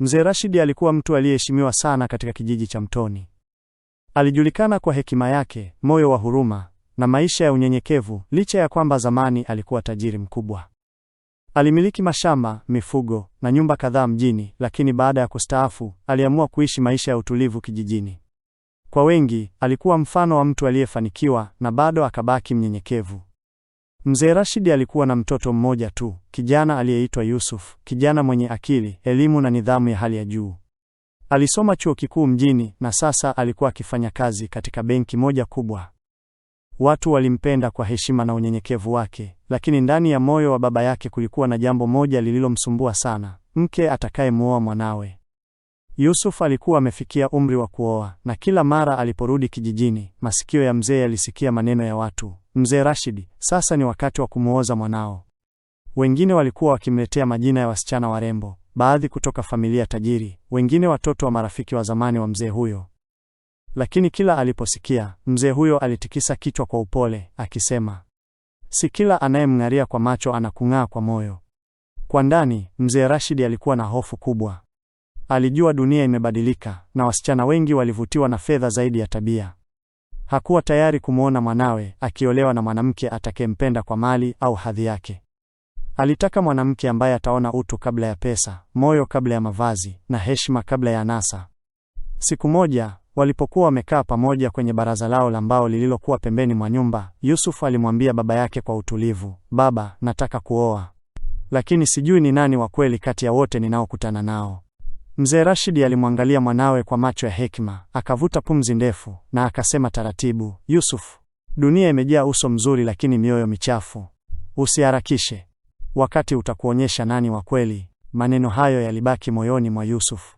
Mzee Rashidi alikuwa mtu aliyeheshimiwa sana katika kijiji cha Mtoni. Alijulikana kwa hekima yake, moyo wa huruma na maisha ya unyenyekevu, licha ya kwamba zamani alikuwa tajiri mkubwa. Alimiliki mashamba, mifugo na nyumba kadhaa mjini, lakini baada ya kustaafu aliamua kuishi maisha ya utulivu kijijini. Kwa wengi, alikuwa mfano wa mtu aliyefanikiwa na bado akabaki mnyenyekevu. Mzee Rashidi alikuwa na mtoto mmoja tu, kijana aliyeitwa Yusuf, kijana mwenye akili, elimu na nidhamu ya hali ya juu. Alisoma chuo kikuu mjini na sasa alikuwa akifanya kazi katika benki moja kubwa. Watu walimpenda kwa heshima na unyenyekevu wake, lakini ndani ya moyo wa baba yake kulikuwa na jambo moja lililomsumbua sana: mke atakayemwoa mwanawe. Yusuf alikuwa amefikia umri wa kuoa, na kila mara aliporudi kijijini, masikio ya mzee yalisikia maneno ya watu, mzee Rashidi, sasa ni wakati wa kumwoza mwanao. Wengine walikuwa wakimletea majina ya wasichana warembo, baadhi kutoka familia tajiri, wengine watoto wa marafiki wa zamani wa mzee huyo. Lakini kila aliposikia, mzee huyo alitikisa kichwa kwa upole, akisema, si kila anayemng'aria kwa macho anakung'aa kwa moyo. Kwa ndani, mzee Rashidi alikuwa na hofu kubwa. Alijua dunia imebadilika na wasichana wengi walivutiwa na fedha zaidi ya tabia. Hakuwa tayari kumwona mwanawe akiolewa na mwanamke atakayempenda kwa mali au hadhi yake. Alitaka mwanamke ambaye ataona utu kabla ya pesa, moyo kabla ya mavazi, na heshima kabla ya anasa. Siku moja walipokuwa wamekaa pamoja kwenye baraza lao la mbao lililokuwa pembeni mwa nyumba, Yusuf alimwambia baba yake kwa utulivu, "Baba, nataka kuoa, lakini sijui ni nani wa kweli kati ya wote ninaokutana nao." Mzee Rashidi alimwangalia mwanawe kwa macho ya hekima, akavuta pumzi ndefu na akasema taratibu, Yusuf, dunia imejaa uso mzuri lakini mioyo michafu. Usiharakishe, wakati utakuonyesha nani wa kweli. Maneno hayo yalibaki moyoni mwa Yusuf.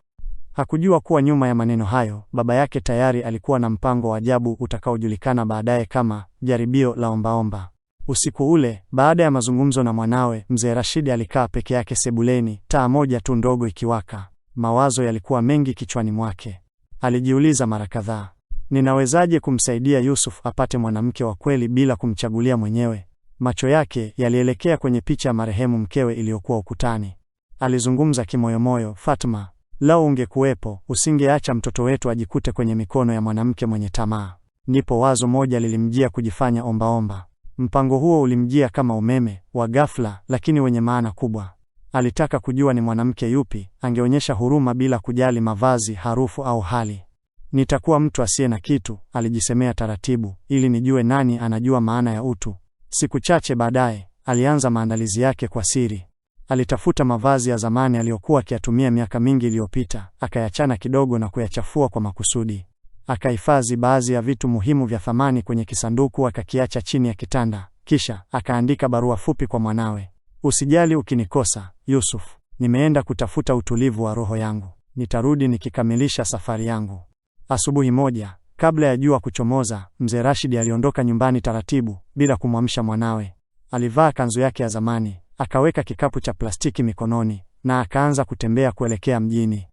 Hakujua kuwa nyuma ya maneno hayo baba yake tayari alikuwa na mpango wa ajabu utakaojulikana baadaye kama jaribio la ombaomba. Usiku ule, baada ya mazungumzo na mwanawe, mzee Rashidi alikaa peke yake sebuleni, taa moja tu ndogo ikiwaka. Mawazo yalikuwa mengi kichwani mwake. Alijiuliza mara kadhaa, ninawezaje kumsaidia Yusuf apate mwanamke wa kweli bila kumchagulia mwenyewe? Macho yake yalielekea kwenye picha ya marehemu mkewe iliyokuwa ukutani. Alizungumza kimoyomoyo, Fatma, lau ungekuwepo, usingeacha mtoto wetu ajikute kwenye mikono ya mwanamke mwenye tamaa. Ndipo wazo moja lilimjia kujifanya ombaomba. Mpango huo ulimjia kama umeme wa ghafla, lakini wenye maana kubwa. Alitaka kujua ni mwanamke yupi angeonyesha huruma bila kujali mavazi, harufu au hali. Nitakuwa mtu asiye na kitu, alijisemea taratibu, ili nijue nani anajua maana ya utu. Siku chache baadaye, alianza maandalizi yake kwa siri. Alitafuta mavazi ya zamani aliyokuwa akiyatumia miaka mingi iliyopita, akayachana kidogo na kuyachafua kwa makusudi. Akahifadhi baadhi ya vitu muhimu vya thamani kwenye kisanduku, akakiacha chini ya kitanda. Kisha akaandika barua fupi kwa mwanawe: usijali ukinikosa Yusuf, nimeenda kutafuta utulivu wa roho yangu, nitarudi nikikamilisha safari yangu. Asubuhi moja kabla ya jua kuchomoza, mzee Rashidi aliondoka nyumbani taratibu, bila kumwamsha mwanawe. Alivaa kanzu yake ya zamani, akaweka kikapu cha plastiki mikononi na akaanza kutembea kuelekea mjini.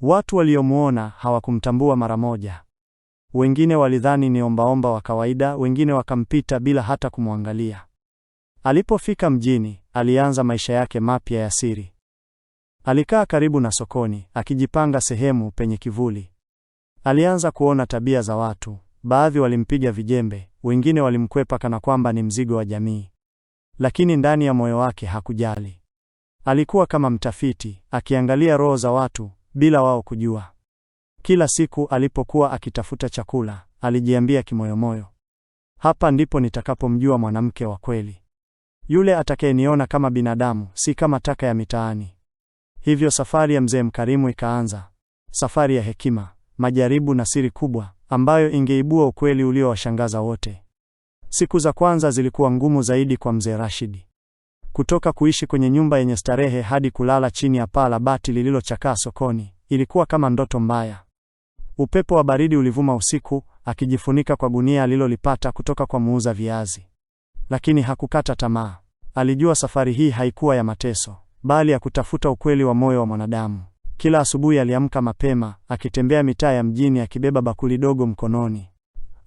Watu waliomuona hawakumtambua mara moja. Wengine walidhani ni ombaomba wa kawaida, wengine wakampita bila hata kumwangalia. Alipofika mjini, alianza maisha yake mapya ya siri. Alikaa karibu na sokoni, akijipanga sehemu penye kivuli. Alianza kuona tabia za watu. Baadhi walimpiga vijembe, wengine walimkwepa kana kwamba ni mzigo wa jamii. Lakini ndani ya moyo wake hakujali. Alikuwa kama mtafiti, akiangalia roho za watu bila wao kujua. Kila siku alipokuwa akitafuta chakula, alijiambia kimoyomoyo, hapa ndipo nitakapomjua mwanamke wa kweli yule atakayeniona kama binadamu, si kama taka ya mitaani. Hivyo safari ya mzee Mkarimu ikaanza, safari ya hekima, majaribu na siri kubwa ambayo ingeibua ukweli uliowashangaza wote. Siku za kwanza zilikuwa ngumu zaidi kwa mzee Rashidi. Kutoka kuishi kwenye nyumba yenye starehe hadi kulala chini ya paa la bati lililochakaa sokoni, ilikuwa kama ndoto mbaya. Upepo wa baridi ulivuma usiku, akijifunika kwa gunia alilolipata kutoka kwa muuza viazi lakini hakukata tamaa. Alijua safari hii haikuwa ya mateso, bali ya kutafuta ukweli wa moyo wa mwanadamu. Kila asubuhi aliamka mapema, akitembea mitaa ya mjini akibeba bakuli dogo mkononi.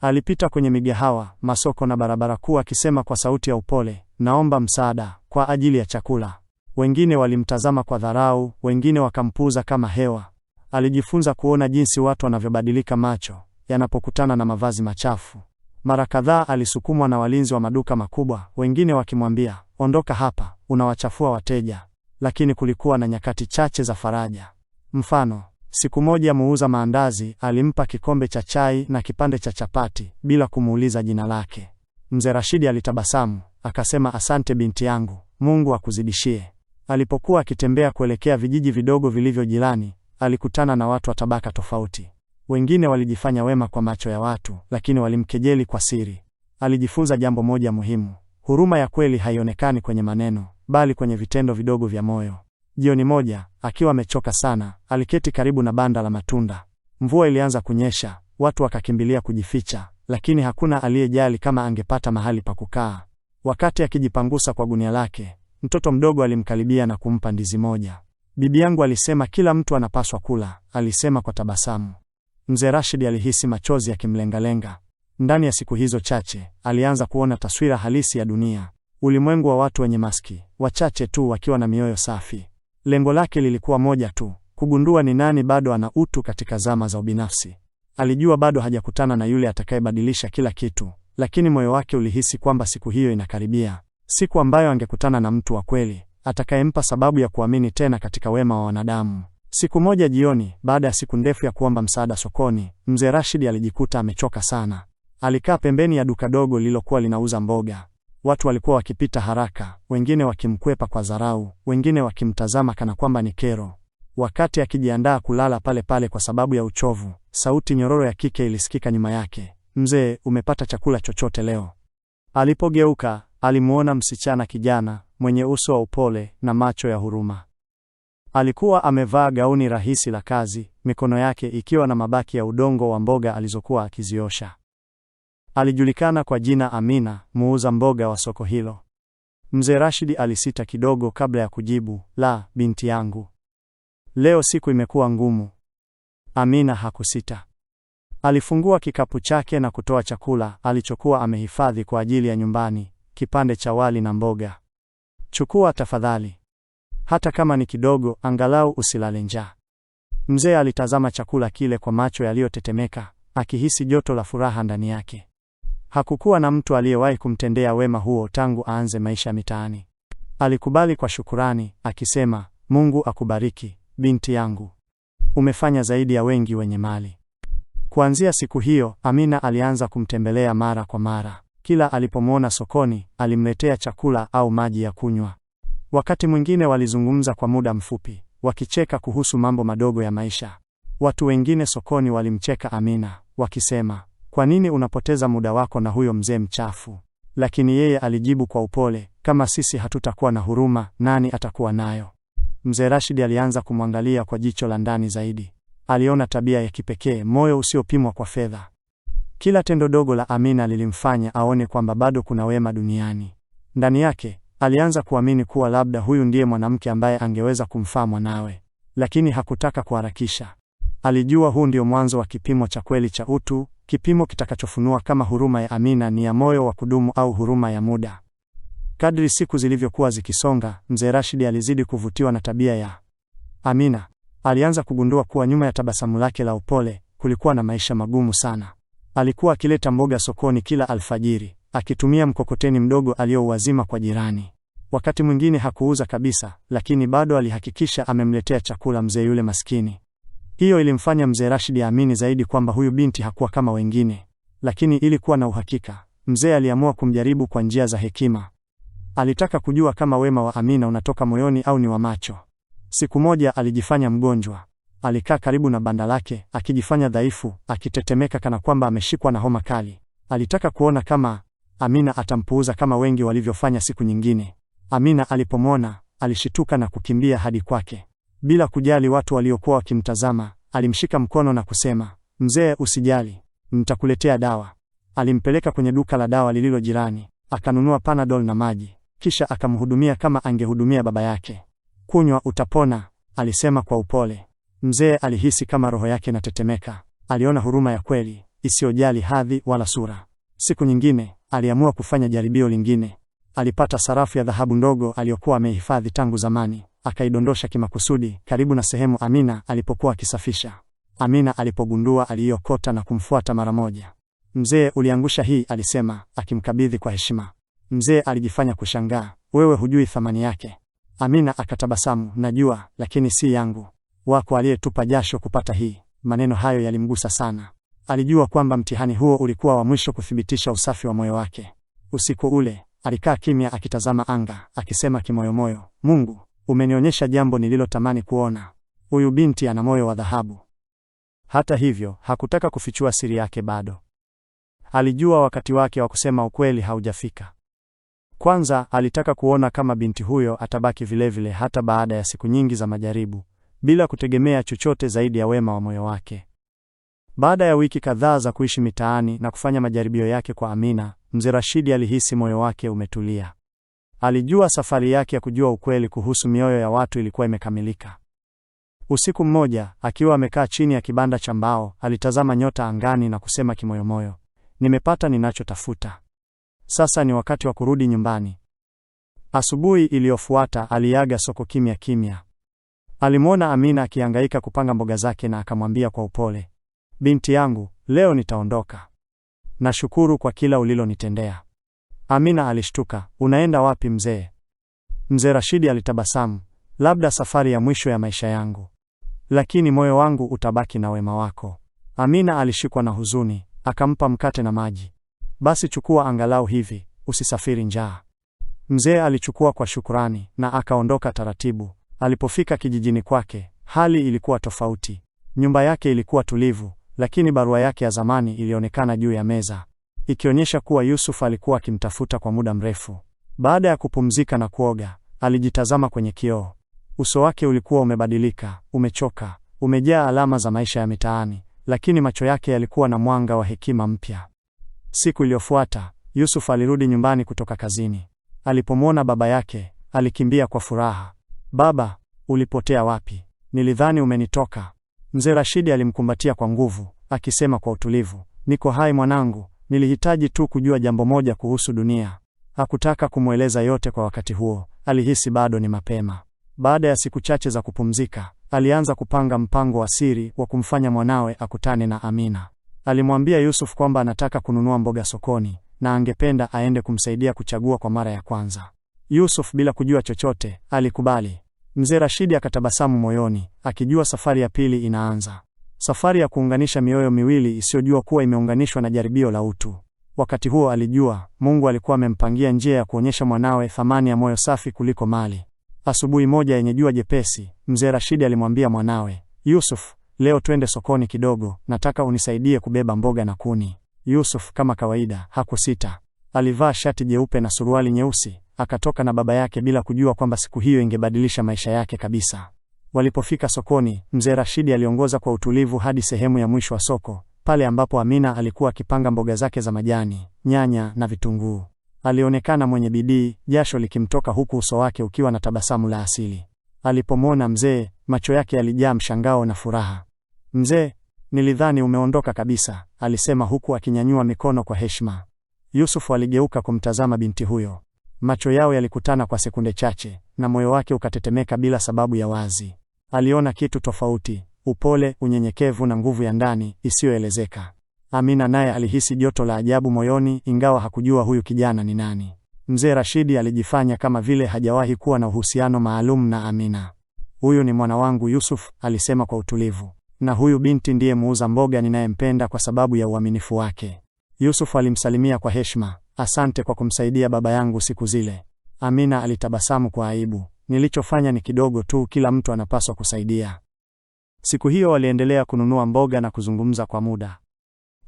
Alipita kwenye migahawa, masoko na barabara kuu, akisema kwa sauti ya upole, naomba msaada kwa ajili ya chakula. Wengine walimtazama kwa dharau, wengine wakampuuza kama hewa. Alijifunza kuona jinsi watu wanavyobadilika macho yanapokutana na mavazi machafu. Mara kadhaa alisukumwa na walinzi wa maduka makubwa, wengine wakimwambia ondoka hapa, unawachafua wateja. Lakini kulikuwa na nyakati chache za faraja. Mfano, siku moja muuza maandazi alimpa kikombe cha chai na kipande cha chapati bila kumuuliza jina lake. Mzee Rashidi alitabasamu akasema, asante binti yangu, Mungu akuzidishie. Alipokuwa akitembea kuelekea vijiji vidogo vilivyo jirani, alikutana na watu wa tabaka tofauti. Wengine walijifanya wema kwa macho ya watu, lakini walimkejeli kwa siri. Alijifunza jambo moja muhimu: huruma ya kweli haionekani kwenye maneno, bali kwenye vitendo vidogo vya moyo. Jioni moja, akiwa amechoka sana, aliketi karibu na banda la matunda. Mvua ilianza kunyesha, watu wakakimbilia kujificha, lakini hakuna aliyejali kama angepata mahali pa kukaa. Wakati akijipangusa kwa gunia lake, mtoto mdogo alimkaribia na kumpa ndizi moja. Bibi yangu alisema kila mtu anapaswa kula, alisema kwa tabasamu. Mzee Rashid alihisi machozi yakimlengalenga. Ndani ya siku hizo chache alianza kuona taswira halisi ya dunia, ulimwengu wa watu wenye maski, wachache tu wakiwa na mioyo safi. Lengo lake lilikuwa moja tu, kugundua ni nani bado ana utu katika zama za ubinafsi. Alijua bado hajakutana na yule atakayebadilisha kila kitu, lakini moyo wake ulihisi kwamba siku hiyo inakaribia, siku ambayo angekutana na mtu wa kweli atakayempa sababu ya kuamini tena katika wema wa wanadamu. Siku moja jioni, baada ya siku ndefu ya kuomba msaada sokoni, mzee Rashid alijikuta amechoka sana. Alikaa pembeni ya duka dogo lililokuwa linauza mboga. Watu walikuwa wakipita haraka, wengine wakimkwepa kwa dharau, wengine wakimtazama kana kwamba ni kero. Wakati akijiandaa kulala pale pale kwa sababu ya uchovu, sauti nyororo ya kike ilisikika nyuma yake. Mzee, umepata chakula chochote leo? Alipogeuka, alimuona msichana kijana mwenye uso wa upole na macho ya huruma. Alikuwa amevaa gauni rahisi la kazi, mikono yake ikiwa na mabaki ya udongo wa mboga alizokuwa akiziosha. Alijulikana kwa jina Amina, muuza mboga wa soko hilo. Mzee Rashidi alisita kidogo kabla ya kujibu, "La, binti yangu. Leo siku imekuwa ngumu." Amina hakusita. Alifungua kikapu chake na kutoa chakula alichokuwa amehifadhi kwa ajili ya nyumbani, kipande cha wali na mboga. "Chukua tafadhali." hata kama ni kidogo, angalau usilale njaa. Mzee alitazama chakula kile kwa macho yaliyotetemeka, akihisi joto la furaha ndani yake. Hakukuwa na mtu aliyewahi kumtendea wema huo tangu aanze maisha mitaani. Alikubali kwa shukurani, akisema, Mungu akubariki binti yangu, umefanya zaidi ya wengi wenye mali. Kuanzia siku hiyo, Amina alianza kumtembelea mara kwa mara. Kila alipomwona sokoni, alimletea chakula au maji ya kunywa. Wakati mwingine walizungumza kwa muda mfupi, wakicheka kuhusu mambo madogo ya maisha. Watu wengine sokoni walimcheka Amina, wakisema, "Kwa nini unapoteza muda wako na huyo mzee mchafu?" Lakini yeye alijibu kwa upole, "Kama sisi hatutakuwa na huruma, nani atakuwa nayo?" Mzee Rashid alianza kumwangalia kwa jicho la ndani zaidi. Aliona tabia ya kipekee, moyo usiopimwa kwa fedha. Kila tendo dogo la Amina lilimfanya aone kwamba bado kuna wema duniani. Ndani yake Alianza kuamini kuwa labda huyu ndiye mwanamke ambaye angeweza kumfaa mwanawe, lakini hakutaka kuharakisha. Alijua huu ndio mwanzo wa kipimo cha kweli cha utu, kipimo kitakachofunua kama huruma ya Amina ni ya moyo wa kudumu au huruma ya muda. Kadri siku zilivyokuwa zikisonga, mzee Rashidi alizidi kuvutiwa na tabia ya Amina. Alianza kugundua kuwa nyuma ya tabasamu lake la upole kulikuwa na maisha magumu sana. Alikuwa akileta mboga sokoni kila alfajiri, akitumia mkokoteni mdogo aliyouazima kwa jirani. Wakati mwingine hakuuza kabisa, lakini bado alihakikisha amemletea chakula mzee yule maskini. Hiyo ilimfanya mzee Rashid aamini zaidi kwamba huyu binti hakuwa kama wengine, lakini ili kuwa na uhakika, mzee aliamua kumjaribu kwa njia za hekima. Alitaka kujua kama wema wa Amina unatoka moyoni au ni wa macho. Siku moja alijifanya mgonjwa. Alikaa karibu na banda lake akijifanya dhaifu, akitetemeka kana kwamba ameshikwa na homa kali. Alitaka kuona kama Amina atampuuza kama wengi walivyofanya siku nyingine. Amina alipomwona alishituka na kukimbia hadi kwake. Bila kujali watu waliokuwa wakimtazama, alimshika mkono na kusema, mzee, usijali, nitakuletea dawa. Alimpeleka kwenye duka la dawa lililo jirani, akanunua Panadol na maji, kisha akamhudumia kama angehudumia baba yake. Kunywa, utapona, alisema kwa upole. Mzee alihisi kama roho yake inatetemeka. Aliona huruma ya kweli isiyojali hadhi wala sura. Siku nyingine aliamua kufanya jaribio lingine. Alipata sarafu ya dhahabu ndogo aliyokuwa amehifadhi tangu zamani, akaidondosha kimakusudi karibu na sehemu Amina alipokuwa akisafisha. Amina alipogundua aliiokota na kumfuata mara moja. Mzee, uliangusha hii, alisema akimkabidhi kwa heshima. Mzee alijifanya kushangaa, wewe hujui thamani yake. Amina akatabasamu, najua, lakini si yangu, wako aliyetupa jasho kupata hii. Maneno hayo yalimgusa sana. Alijua kwamba mtihani huo ulikuwa wa mwisho kuthibitisha usafi wa moyo wake. Usiku ule alikaa kimya, akitazama anga, akisema kimoyomoyo, Mungu, umenionyesha jambo nililotamani kuona. Huyu binti ana moyo wa dhahabu. Hata hivyo, hakutaka kufichua siri yake bado. Alijua wakati wake wa kusema ukweli haujafika. Kwanza alitaka kuona kama binti huyo atabaki vilevile hata baada ya siku nyingi za majaribu, bila kutegemea chochote zaidi ya wema wa moyo wake. Baada ya wiki kadhaa za kuishi mitaani na kufanya majaribio yake kwa Amina, mzee Rashidi alihisi moyo wake umetulia. Alijua safari yake ya kujua ukweli kuhusu mioyo ya watu ilikuwa imekamilika. Usiku mmoja, akiwa amekaa chini ya kibanda cha mbao, alitazama nyota angani na kusema kimoyomoyo, nimepata ninachotafuta. Sasa ni wakati wa kurudi nyumbani. Asubuhi iliyofuata aliaga soko kimya kimya. Alimwona Amina akihangaika kupanga mboga zake na akamwambia kwa upole, binti yangu, leo nitaondoka. Nashukuru kwa kila ulilonitendea. Amina alishtuka, unaenda wapi mzee? Mzee Rashidi alitabasamu, labda safari ya mwisho ya maisha yangu, lakini moyo wangu utabaki na wema wako. Amina alishikwa na huzuni, akampa mkate na maji. Basi chukua angalau hivi, usisafiri njaa. Mzee alichukua kwa shukurani na akaondoka taratibu. Alipofika kijijini kwake, hali ilikuwa tofauti. Nyumba yake ilikuwa tulivu, lakini barua yake ya zamani ilionekana juu ya meza, ikionyesha kuwa Yusuf alikuwa akimtafuta kwa muda mrefu. Baada ya kupumzika na kuoga, alijitazama kwenye kioo. Uso wake ulikuwa umebadilika, umechoka, umejaa alama za maisha ya mitaani, lakini macho yake yalikuwa na mwanga wa hekima mpya. Siku iliyofuata, Yusuf alirudi nyumbani kutoka kazini. Alipomwona baba yake, alikimbia kwa furaha. Baba, ulipotea wapi? Nilidhani umenitoka. Mzee Rashidi alimkumbatia kwa nguvu, akisema kwa utulivu, niko hai mwanangu, nilihitaji tu kujua jambo moja kuhusu dunia. Hakutaka kumweleza yote kwa wakati huo, alihisi bado ni mapema. Baada ya siku chache za kupumzika, alianza kupanga mpango wa siri wa kumfanya mwanawe akutane na Amina. Alimwambia Yusuf kwamba anataka kununua mboga sokoni na angependa aende kumsaidia kuchagua kwa mara ya kwanza. Yusuf bila kujua chochote alikubali, Mzee Rashidi akatabasamu moyoni, akijua safari ya pili inaanza, safari ya kuunganisha mioyo miwili isiyojua kuwa imeunganishwa na jaribio la utu. Wakati huo alijua Mungu alikuwa amempangia njia ya kuonyesha mwanawe thamani ya moyo safi kuliko mali. Asubuhi moja yenye jua jepesi, mzee Rashidi alimwambia mwanawe Yusuf, leo twende sokoni kidogo, nataka unisaidie kubeba mboga na kuni. Yusuf kama kawaida hakusita, alivaa shati jeupe na suruali nyeusi, akatoka na baba yake bila kujua kwamba siku hiyo ingebadilisha maisha yake kabisa. Walipofika sokoni, mzee Rashidi aliongoza kwa utulivu hadi sehemu ya mwisho wa soko, pale ambapo Amina alikuwa akipanga mboga zake za majani, nyanya na vitunguu. Alionekana mwenye bidii, jasho likimtoka huku uso wake ukiwa na tabasamu la asili. Alipomwona mzee, macho yake yalijaa mshangao na furaha. Mzee, nilidhani umeondoka kabisa, alisema huku akinyanyua mikono kwa heshima. Yusufu aligeuka kumtazama binti huyo. Macho yao yalikutana kwa sekunde chache na moyo wake ukatetemeka bila sababu ya wazi. Aliona kitu tofauti, upole, unyenyekevu na nguvu ya ndani isiyoelezeka. Amina naye alihisi joto la ajabu moyoni, ingawa hakujua huyu kijana ni nani. Mzee Rashidi alijifanya kama vile hajawahi kuwa na uhusiano maalum na Amina. Huyu ni mwana wangu Yusuf, alisema kwa utulivu, na huyu binti ndiye muuza mboga ninayempenda kwa sababu ya uaminifu wake. Yusuf alimsalimia kwa heshima, Asante kwa kumsaidia baba yangu siku zile. Amina alitabasamu kwa aibu. Nilichofanya ni kidogo tu, kila mtu anapaswa kusaidia. Siku hiyo waliendelea kununua mboga na kuzungumza kwa muda.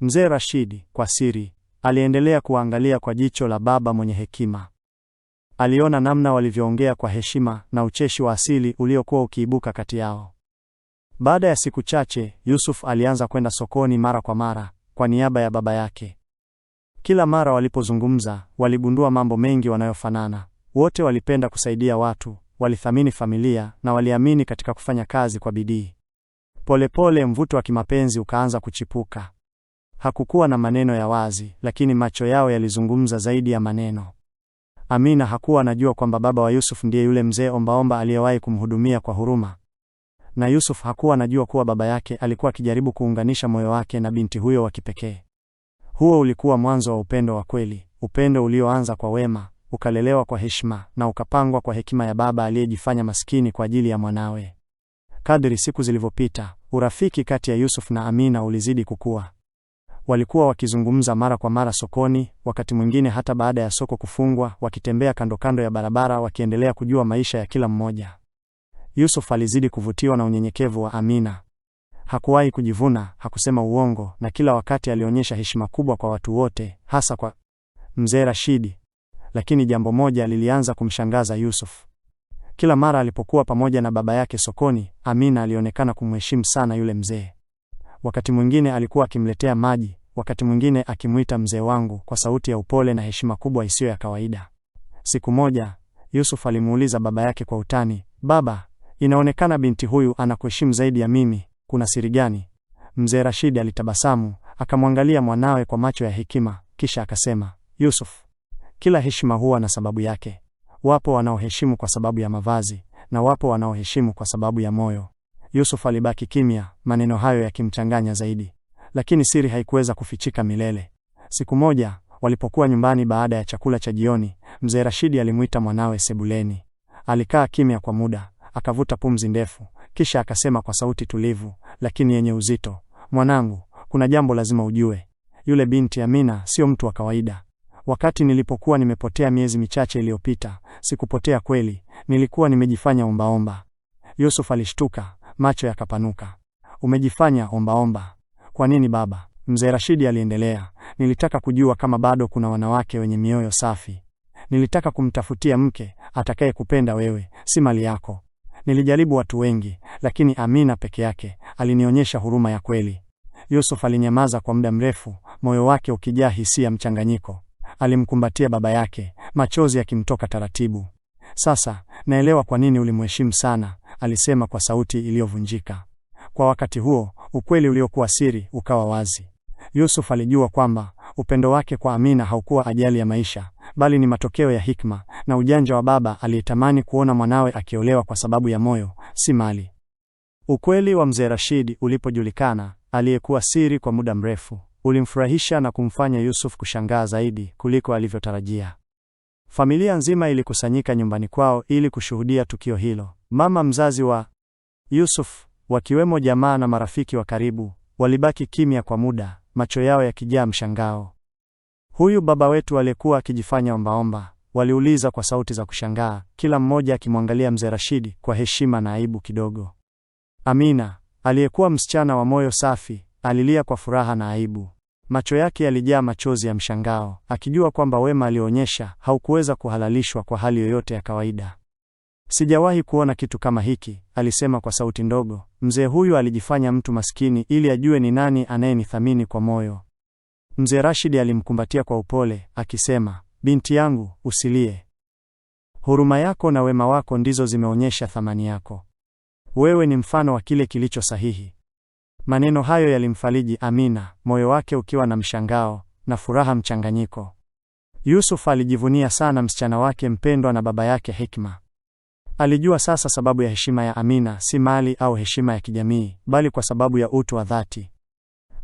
Mzee Rashidi kwa siri aliendelea kuangalia kwa jicho la baba mwenye hekima. Aliona namna walivyoongea kwa heshima na ucheshi wa asili uliokuwa ukiibuka kati yao. Baada ya siku chache, Yusuf alianza kwenda sokoni mara kwa mara kwa niaba ya baba yake. Kila mara walipozungumza, waligundua mambo mengi wanayofanana. Wote walipenda kusaidia watu, walithamini familia na waliamini katika kufanya kazi kwa bidii. Polepole mvuto wa kimapenzi ukaanza kuchipuka. Hakukuwa na maneno ya wazi, lakini macho yao yalizungumza zaidi ya maneno. Amina hakuwa anajua kwamba baba wa Yusuf ndiye yule mzee ombaomba aliyewahi kumhudumia kwa huruma, na Yusuf hakuwa anajua kuwa baba yake alikuwa akijaribu kuunganisha moyo wake na binti huyo wa kipekee. Huo ulikuwa mwanzo wa upendo wa kweli, upendo ulioanza kwa wema, ukalelewa kwa heshima na ukapangwa kwa hekima ya baba aliyejifanya maskini kwa ajili ya mwanawe. Kadri siku zilivyopita, urafiki kati ya Yusuf na Amina ulizidi kukua. Walikuwa wakizungumza mara kwa mara sokoni, wakati mwingine hata baada ya soko kufungwa, wakitembea kando kando ya barabara, wakiendelea kujua maisha ya kila mmoja. Yusuf alizidi kuvutiwa na unyenyekevu wa Amina, Hakuwahi kujivuna, hakusema uongo, na kila wakati alionyesha heshima kubwa kwa watu wote, hasa kwa mzee Rashidi. Lakini jambo moja lilianza kumshangaza Yusuf. Kila mara alipokuwa pamoja na baba yake sokoni, Amina alionekana kumheshimu sana yule mzee. Wakati mwingine alikuwa akimletea maji, wakati mwingine akimwita mzee wangu kwa sauti ya upole na heshima kubwa isiyo ya kawaida. Siku moja Yusuf alimuuliza baba yake kwa utani, "Baba, inaonekana binti huyu anakuheshimu zaidi ya mimi, kuna siri gani? Mzee Rashidi alitabasamu, akamwangalia mwanawe kwa macho ya hekima, kisha akasema, Yusuf, kila heshima huwa na sababu yake. Wapo wanaoheshimu kwa sababu ya mavazi na wapo wanaoheshimu kwa sababu ya moyo. Yusuf alibaki kimya, maneno hayo yakimchanganya zaidi, lakini siri haikuweza kufichika milele. Siku moja walipokuwa nyumbani baada ya chakula cha jioni, mzee Rashidi alimuita mwanawe sebuleni. Alikaa kimya kwa muda, akavuta pumzi ndefu, kisha akasema kwa sauti tulivu lakini yenye uzito, mwanangu, kuna jambo lazima ujue. Yule binti Amina sio mtu wa kawaida. Wakati nilipokuwa nimepotea miezi michache iliyopita, sikupotea kweli, nilikuwa nimejifanya ombaomba. Yusuf alishtuka, macho yakapanuka. Umejifanya ombaomba? Kwa nini baba? Mzee Rashidi aliendelea, nilitaka kujua kama bado kuna wanawake wenye mioyo safi. Nilitaka kumtafutia mke atakaye kupenda wewe, si mali yako. Nilijaribu watu wengi, lakini Amina peke yake alinionyesha huruma ya kweli. Yusuf alinyamaza kwa muda mrefu, moyo wake ukijaa hisia mchanganyiko. Alimkumbatia baba yake, machozi yakimtoka taratibu. Sasa naelewa kwa nini ulimheshimu sana, alisema kwa sauti iliyovunjika. Kwa wakati huo, ukweli uliokuwa siri ukawa wazi. Yusuf alijua kwamba upendo wake kwa Amina haukuwa ajali ya maisha, bali ni matokeo ya hikma na ujanja wa baba aliyetamani kuona mwanawe akiolewa kwa sababu ya moyo, si mali. Ukweli wa mzee Rashidi ulipojulikana, aliyekuwa siri kwa muda mrefu, ulimfurahisha na kumfanya Yusuf kushangaa zaidi kuliko alivyotarajia. Familia nzima ilikusanyika nyumbani kwao ili kushuhudia tukio hilo. Mama mzazi wa Yusuf, wakiwemo jamaa na marafiki wa karibu, walibaki kimya kwa muda, macho yao yakijaa mshangao. Huyu baba wetu aliyekuwa akijifanya ombaomba, waliuliza kwa sauti za kushangaa, kila mmoja akimwangalia mzee Rashidi kwa heshima na aibu kidogo. Amina aliyekuwa msichana wa moyo safi alilia kwa furaha na aibu. Macho yake yalijaa machozi ya mshangao, akijua kwamba wema alionyesha haukuweza kuhalalishwa kwa hali yoyote ya kawaida. Sijawahi kuona kitu kama hiki, alisema kwa sauti ndogo. Mzee huyu alijifanya mtu maskini ili ajue ni nani anayenithamini kwa moyo. Mzee Rashidi alimkumbatia kwa upole akisema, binti yangu, usilie. Huruma yako na wema wako ndizo zimeonyesha thamani yako. Wewe ni mfano wa kile kilicho sahihi. Maneno hayo yalimfariji Amina, moyo wake ukiwa na mshangao na furaha mchanganyiko. Yusuf alijivunia sana msichana wake mpendwa na baba yake Hikma. Alijua sasa sababu ya heshima ya Amina si mali au heshima ya kijamii, bali kwa sababu ya utu wa dhati.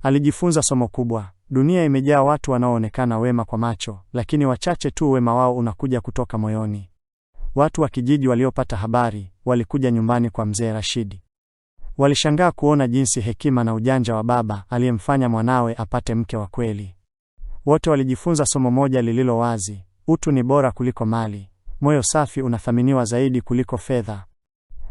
Alijifunza somo kubwa. Dunia imejaa watu wanaoonekana wema kwa macho, lakini wachache tu wema wao unakuja kutoka moyoni. Watu wa kijiji waliopata habari walikuja nyumbani kwa mzee Rashidi. Walishangaa kuona jinsi hekima na ujanja wa baba aliyemfanya mwanawe apate mke wa kweli. Wote walijifunza somo moja lililo wazi: utu ni bora kuliko mali, moyo safi unathaminiwa zaidi kuliko fedha,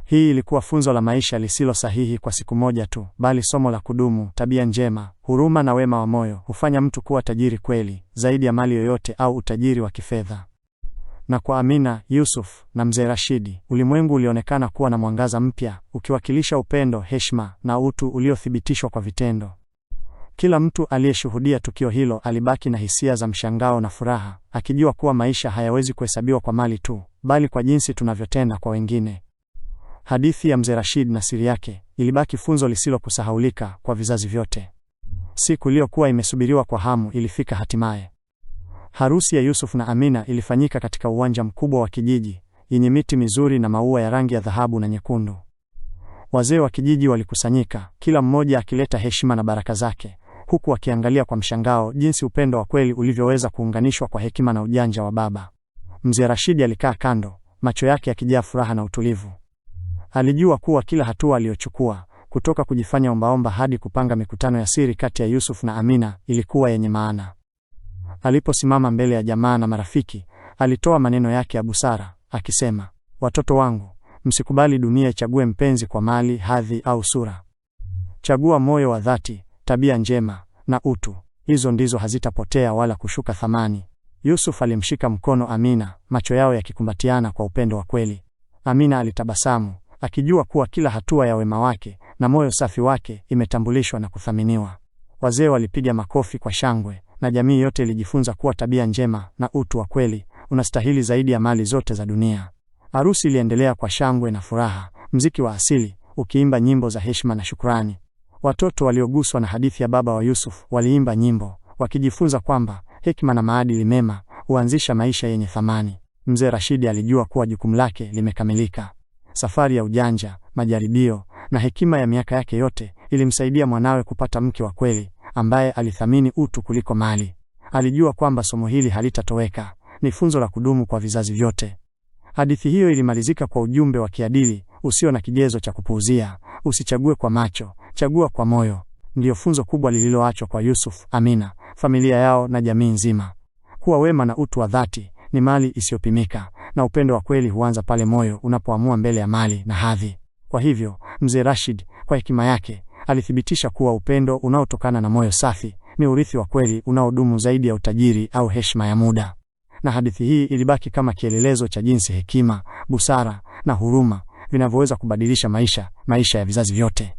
hii ilikuwa funzo la maisha lisilo sahihi kwa siku moja tu, bali somo la kudumu. Tabia njema, huruma na wema wa moyo hufanya mtu kuwa tajiri kweli, zaidi ya mali yoyote au utajiri wa kifedha. Na kwa Amina, Yusuf na mzee Rashidi, ulimwengu ulionekana kuwa na mwangaza mpya, ukiwakilisha upendo, heshima na utu uliothibitishwa kwa vitendo. Kila mtu aliyeshuhudia tukio hilo alibaki na hisia za mshangao na furaha, akijua kuwa maisha hayawezi kuhesabiwa kwa mali tu, bali kwa jinsi tunavyotenda kwa wengine. Hadithi ya mzee Rashid na siri yake ilibaki funzo lisilokusahaulika kwa vizazi vyote. Siku iliyokuwa imesubiriwa kwa hamu ilifika hatimaye. Harusi ya Yusuf na Amina ilifanyika katika uwanja mkubwa wa kijiji yenye miti mizuri na maua ya rangi ya dhahabu na nyekundu. Wazee wa kijiji walikusanyika, kila mmoja akileta heshima na baraka zake, huku wakiangalia kwa mshangao jinsi upendo wa kweli ulivyoweza kuunganishwa kwa hekima na ujanja wa baba. Mzee Rashidi alikaa kando, macho yake yakijaa furaha na utulivu. Alijua kuwa kila hatua aliyochukua kutoka kujifanya ombaomba hadi kupanga mikutano ya siri kati ya Yusuf na Amina ilikuwa yenye maana. Aliposimama mbele ya jamaa na marafiki, alitoa maneno yake ya busara akisema, watoto wangu, msikubali dunia ichague mpenzi kwa mali, hadhi au sura. Chagua moyo wa dhati, tabia njema na utu. Hizo ndizo hazitapotea wala kushuka thamani. Yusuf alimshika mkono Amina, macho yao yakikumbatiana kwa upendo wa kweli. Amina alitabasamu akijua kuwa kila hatua ya wema wake na moyo safi wake imetambulishwa na kuthaminiwa. Wazee walipiga makofi kwa shangwe, na jamii yote ilijifunza kuwa tabia njema na utu wa kweli unastahili zaidi ya mali zote za dunia. Harusi iliendelea kwa shangwe na furaha, mziki wa asili ukiimba nyimbo za heshima na shukrani. Watoto walioguswa na hadithi ya baba wa Yusuf waliimba nyimbo, wakijifunza kwamba hekima na maadili mema huanzisha maisha yenye thamani. Mzee Rashidi alijua kuwa jukumu lake limekamilika. Safari ya ujanja, majaribio na hekima ya miaka yake yote ilimsaidia mwanawe kupata mke wa kweli ambaye alithamini utu kuliko mali. Alijua kwamba somo hili halitatoweka, ni funzo la kudumu kwa vizazi vyote. Hadithi hiyo ilimalizika kwa ujumbe wa kiadili usio na kigezo cha kupuuzia: usichague kwa macho, chagua kwa moyo. Ndiyo funzo kubwa lililoachwa kwa Yusuf, Amina, familia yao na jamii nzima. Kuwa wema na utu wa dhati ni mali isiyopimika, na upendo wa kweli huanza pale moyo unapoamua mbele ya mali na hadhi. Kwa hivyo, mzee Rashid kwa hekima yake alithibitisha kuwa upendo unaotokana na moyo safi ni urithi wa kweli unaodumu zaidi ya utajiri au heshima ya muda. Na hadithi hii ilibaki kama kielelezo cha jinsi hekima, busara na huruma vinavyoweza kubadilisha maisha, maisha ya vizazi vyote.